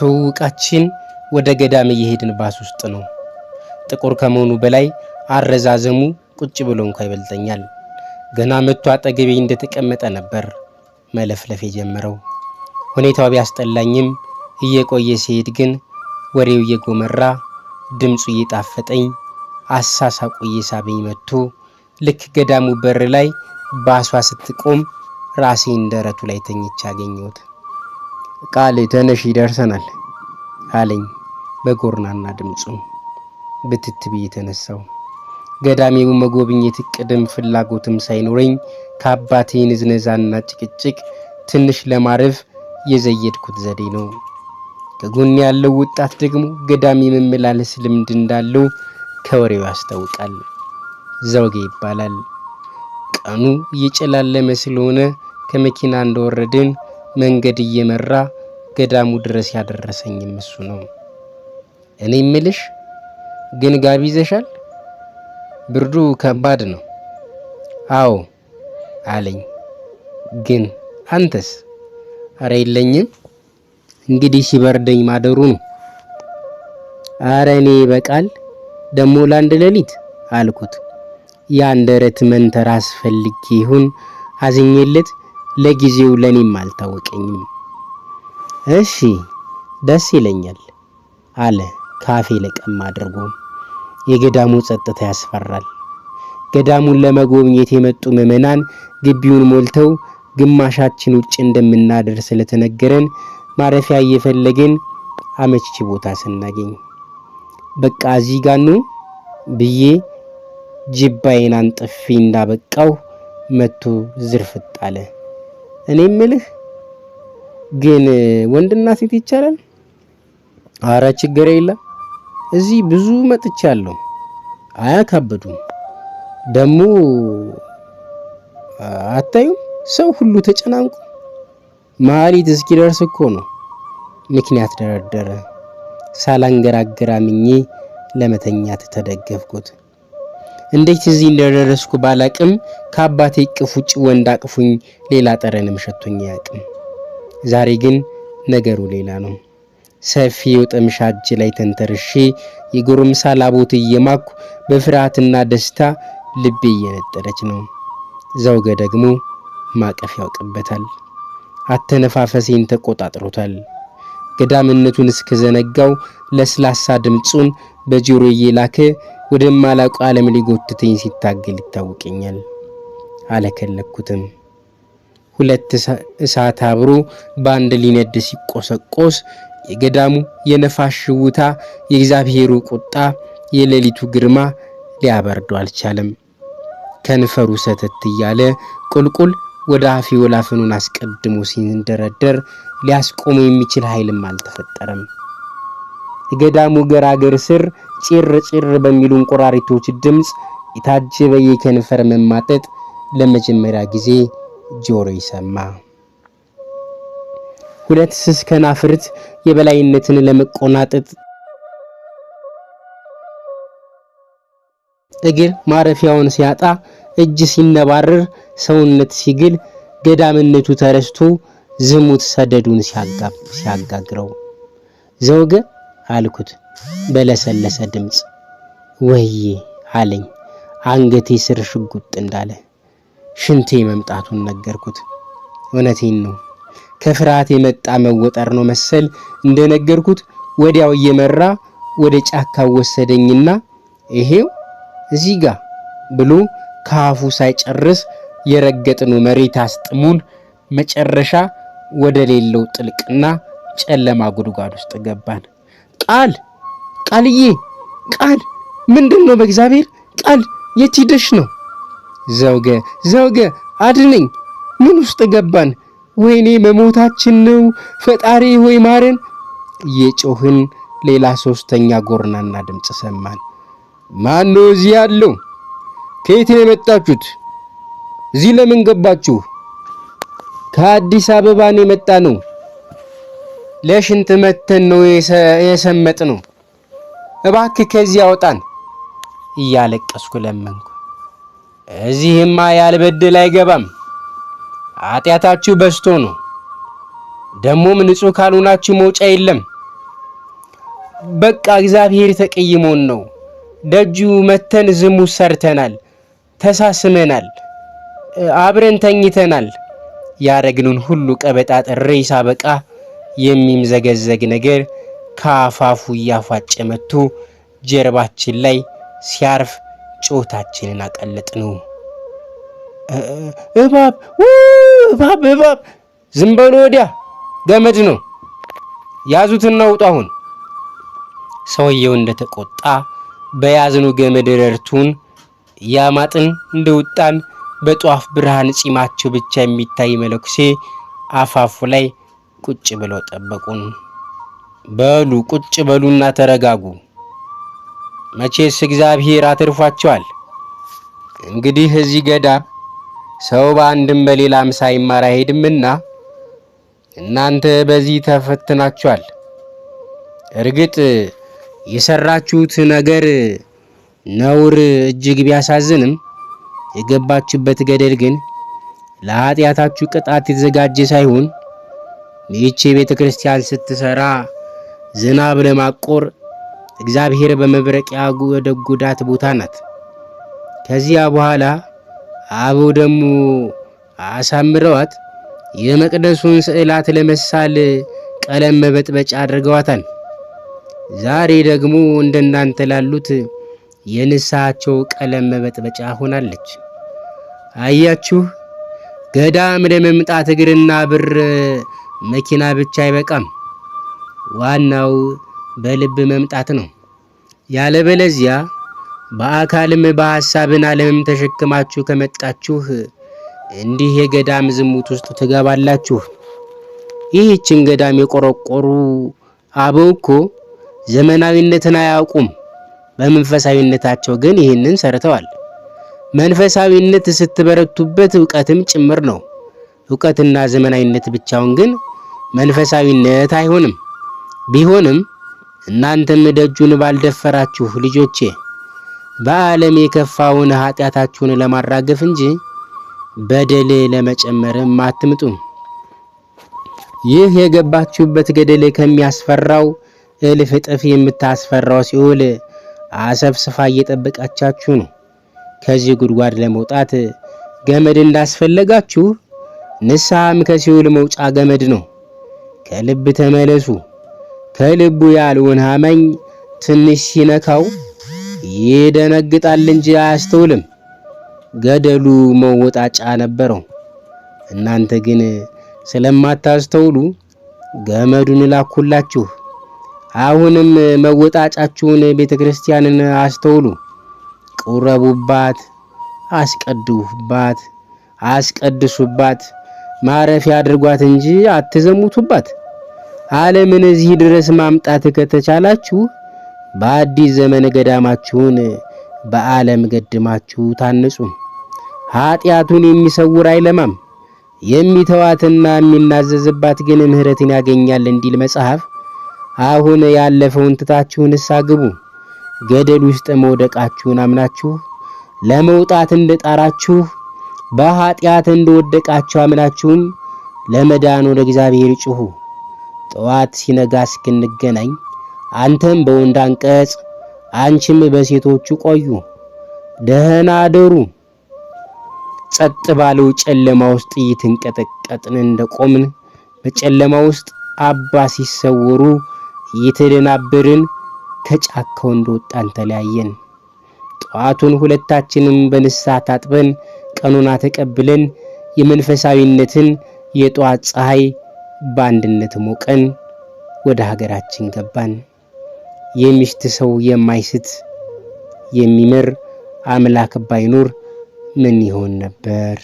ትውውቃችን ወደ ገዳም እየሄድን ባስ ውስጥ ነው። ጥቁር ከመሆኑ በላይ አረዛዘሙ ቁጭ ብሎ እንኳ ይበልጠኛል። ገና መጥቶ አጠገቤ እንደተቀመጠ ነበር መለፍለፍ የጀመረው። ሁኔታው ቢያስጠላኝም እየቆየ ሲሄድ ግን ወሬው እየጎመራ ድምፁ እየጣፈጠኝ አሳሳቁ እየሳበኝ መጥቶ ልክ ገዳሙ በር ላይ ባሷ ስትቆም ራሴን ደረቱ ላይ ተኝቼ አገኘሁት። ቃሌ ተነሽ ይደርሰናል አለኝ በጎርናና ድምፁ ብትት ብዬ ተነሳው። ገዳሜው መጎብኘት ቅድም ፍላጎትም ሳይኖረኝ ከአባቴ ንዝነዛና ጭቅጭቅ ትንሽ ለማረፍ የዘየድኩት ዘዴ ነው። ከጎን ያለው ወጣት ደግሞ ገዳሚ የመመላለስ ልምድ እንዳለው ከወሬው ያስታውቃል። ዘውጌ ይባላል። ቀኑ እየጨላለመ ስለሆነ ከመኪና እንደወረድን መንገድ እየመራ ገዳሙ ድረስ ያደረሰኝም እሱ ነው። እኔ ምልሽ ግን ጋቢ ይዘሻል? ብርዱ ከባድ ነው። አዎ አለኝ። ግን አንተስ? አረ የለኝም እንግዲህ ሲበርደኝ ማደሩ ነው። አረ እኔ በቃል ደሞ ለአንድ ሌሊት አልኩት። የአንደረት መንተራስ ፈልጌ ይሁን አዝኜለት ለጊዜው ለኔም አልታወቀኝም። እሺ ደስ ይለኛል አለ ካፌ ለቀም አድርጎ። የገዳሙ ጸጥታ ያስፈራል። ገዳሙን ለመጎብኘት የመጡ ምዕመናን ግቢውን ሞልተው ግማሻችን ውጭ እንደምናደር ስለተነገረን ማረፊያ እየፈለግን አመቺ ቦታ ስናገኝ በቃ እዚህ ጋኑ ብዬ ጅባዬን አንጥፌ እንዳበቃው መጥቶ ዝርፍጥ አለ። እኔ ምልህ ግን ወንድና ሴት ይቻላል? አረ ችግር የለም። እዚህ ብዙ መጥቻለሁ። አያካበዱም። ደግሞ አታዩም? ሰው ሁሉ ተጨናንቆ መሀሊት እስኪደርስ እኮ ነው ምክንያት ደረደረ። ሳላንገራግራ ምኜ ለመተኛት ተደገፍኩት። እንዴት እዚህ እንደደረስኩ ባላቅም ከአባቴ እቅፍ ውጭ ወንድ አቅፉኝ ሌላ ጠረንም ሸቶኝ አያቅም። ዛሬ ግን ነገሩ ሌላ ነው። ሰፊ የጠምሻ እጅ ላይ ተንተርሼ የጎረምሳ ላቦት እየማኩ በፍርሃትና ደስታ ልቤ እየነጠረች ነው። ዘውገ ደግሞ ማቀፍ ያውቅበታል። አተነፋፈሴን ተቆጣጥሮታል። ገዳምነቱን እስከዘነጋው ለስላሳ ድምፁን በጆሮ እየላከ ወደማላውቀው ዓለም ሊጎትተኝ ሲታገል ይታወቀኛል። አለከለኩትም። ሁለት እሳት አብሮ በአንድ ሊነድ ሲቆሰቆስ የገዳሙ የነፋስ ሽውታ፣ የእግዚአብሔሩ ቁጣ፣ የሌሊቱ ግርማ ሊያበርዱ አልቻለም። ከንፈሩ ሰተት እያለ ቁልቁል ወደ አፌ ወላፈኑን አስቀድሞ ሲንደረደር ሊያስቆመው የሚችል ኃይልም አልተፈጠረም። የገዳሙ ገራገር ስር ጭር ጭር በሚሉ እንቁራሪቶች ድምፅ የታጀበ የከንፈር መማጠጥ ለመጀመሪያ ጊዜ ጆሮ ይሰማ። ሁለት ስስ ከናፍርት የበላይነትን ለመቆናጠጥ እግር ማረፊያውን ሲያጣ፣ እጅ ሲነባረር፣ ሰውነት ሲግል፣ ገዳምነቱ ተረስቶ ዝሙት ሰደዱን ሲያጋግረው ዘውገ አልኩት በለሰለሰ ድምፅ። ወይዬ አለኝ አንገቴ ስር ሽጉጥ እንዳለ። ሽንቴ መምጣቱን ነገርኩት። እውነቴን ነው። ከፍርሃት የመጣ መወጠር ነው መሰል እንደነገርኩት ወዲያው እየመራ ወደ ጫካው ወሰደኝና ይሄው እዚህ ጋ ብሎ ከአፉ ሳይጨርስ የረገጥኑ መሬት አስጥሙን መጨረሻ ወደ ሌለው ጥልቅና ጨለማ ጉድጓድ ውስጥ ገባን። ቃል ቃልዬ፣ ቃል ምንድን ነው? በእግዚአብሔር ቃል የት ሂደሽ ነው? ዘውገ ዘውገ አድነኝ! ምን ውስጥ ገባን? ወይኔ መሞታችን ነው። ፈጣሪ ሆይ ማረን! የጮህን ሌላ ሶስተኛ ጎርናና ድምፅ ሰማን። ማን ነው እዚህ ያለው? ከየት ነው የመጣችሁት? እዚህ ለምን ገባችሁ? ከአዲስ አበባ ነው የመጣ ነው። ለሽንት መተን ነው የሰመጥ ነው። እባክህ ከዚህ አውጣን! እያለቀስኩ ለመንኩ። እዚህማ ያልበድል አይገባም። ኃጢአታችሁ በዝቶ ነው። ደሞም ንጹህ ካልሆናችሁ መውጫ የለም። በቃ እግዚአብሔር ተቀይሞን ነው። ደጁ መተን ዝሙት ሰርተናል፣ ተሳስመናል፣ አብረን ተኝተናል። ያረግኑን ሁሉ ቀበጣ ጥሬ ሳበቃ የሚምዘገዘግ ነገር ከአፋፉ እያፏጨ መጥቶ ጀርባችን ላይ ሲያርፍ ጩኸታችንን አቀለጥነው። እባብ እባብ እባብ! ዝም በሉ ወዲያ፣ ገመድ ነው ያዙትና ውጡ አሁን። ሰውየው እንደተቆጣ በያዝኑ ገመድ ረርቱን ያማጥን እንደውጣን በጧፍ ብርሃን ጺማቸው ብቻ የሚታይ መለኩሴ አፋፉ ላይ ቁጭ ብለው ጠበቁን። በሉ ቁጭ በሉና ተረጋጉ። መቼስ እግዚአብሔር አትርፏቸዋል። እንግዲህ እዚህ ገዳም ሰው በአንድም በሌላም ሳይማር አይሄድምና እናንተ በዚህ ተፈትናችኋል። እርግጥ የሰራችሁት ነገር ነውር እጅግ ቢያሳዝንም የገባችሁበት ገደል ግን ለኃጢአታችሁ ቅጣት የተዘጋጀ ሳይሆን ይህቺ ቤተ ክርስቲያን ስትሰራ ዝናብ ለማቆር እግዚአብሔር በመብረቅ ያጎደጎዳት ቦታ ናት። ከዚያ በኋላ አበው ደግሞ አሳምረዋት የመቅደሱን ስዕላት ለመሳል ቀለም መበጥበጫ አድርገዋታል። ዛሬ ደግሞ እንደናንተ ላሉት የንስሐቸው ቀለም መበጥበጫ ሆናለች። አያችሁ፣ ገዳም ለመምጣት እግርና ብር መኪና ብቻ አይበቃም። ዋናው በልብ መምጣት ነው። ያለበለዚያ በአካልም በሐሳብን ዓለምም ተሸክማችሁ ከመጣችሁ እንዲህ የገዳም ዝሙት ውስጥ ትገባላችሁ። ይህችን ገዳም የቆረቆሩ አበው እኮ ዘመናዊነትን አያውቁም። በመንፈሳዊነታቸው ግን ይህንን ሰርተዋል። መንፈሳዊነት ስትበረቱበት እውቀትም ጭምር ነው። እውቀትና ዘመናዊነት ብቻውን ግን መንፈሳዊነት አይሆንም። ቢሆንም እናንተም ደጁን ባልደፈራችሁ ልጆቼ በዓለም የከፋውን ኃጢአታችሁን ለማራገፍ እንጂ በደል ለመጨመርም አትምጡ። ይህ የገባችሁበት ገደል ከሚያስፈራው እልፍ እጥፍ የምታስፈራው ሲኦል ስፋ እየጠበቃቻችሁ ነው። ከዚህ ጉድጓድ ለመውጣት ገመድ እንዳስፈለጋችሁ ንስሐም ከሲኦል መውጫ ገመድ ነው። ከልብ ተመለሱ። ከልቡ ያልሆነ አማኝ ትንሽ ሲነካው ይደነግጣል እንጂ አያስተውልም። ገደሉ መወጣጫ ነበረው። እናንተ ግን ስለማታስተውሉ ገመዱን ላኩላችሁ። አሁንም መወጣጫችሁን ቤተ ክርስቲያንን አስተውሉ፣ ቁረቡባት፣ አስቀድሱባት፣ አስቀድሱባት፣ ማረፊያ አድርጓት እንጂ አትዘሙቱባት። ዓለምን እዚህ ድረስ ማምጣት ከተቻላችሁ በአዲስ ዘመን ገዳማችሁን በዓለም ገድማችሁ ታንጹ። ኃጢአቱን የሚሰውር አይለማም፣ የሚተዋትና የሚናዘዝባት ግን ምሕረትን ያገኛል እንዲል መጽሐፍ። አሁን ያለፈውን ትታችሁ ንስሐ ግቡ። ገደል ውስጥ መውደቃችሁን አምናችሁ ለመውጣት እንደጣራችሁ በኃጢአት እንደወደቃችሁ አምናችሁም ለመዳን ወደ እግዚአብሔር ጩኹ። ጠዋት ሲነጋ እስክንገናኝ አንተም በወንድ አንቀጽ አንቺም በሴቶቹ ቆዩ። ደህና አደሩ። ጸጥ ባለው ጨለማ ውስጥ እየተንቀጠቀጥን እንደቆምን በጨለማ ውስጥ አባ ሲሰወሩ እየተደናበርን ከጫካው እንደወጣን ተለያየን። ጠዋቱን ሁለታችንም በንስሐ ታጥበን ቀኑና ተቀብለን የመንፈሳዊነትን የጠዋት ፀሐይ በአንድነት ሞቀን ወደ ሀገራችን ገባን። የሚሽት ሰው የማይስት የሚምር አምላክ ባይኖር ምን ይሆን ነበር?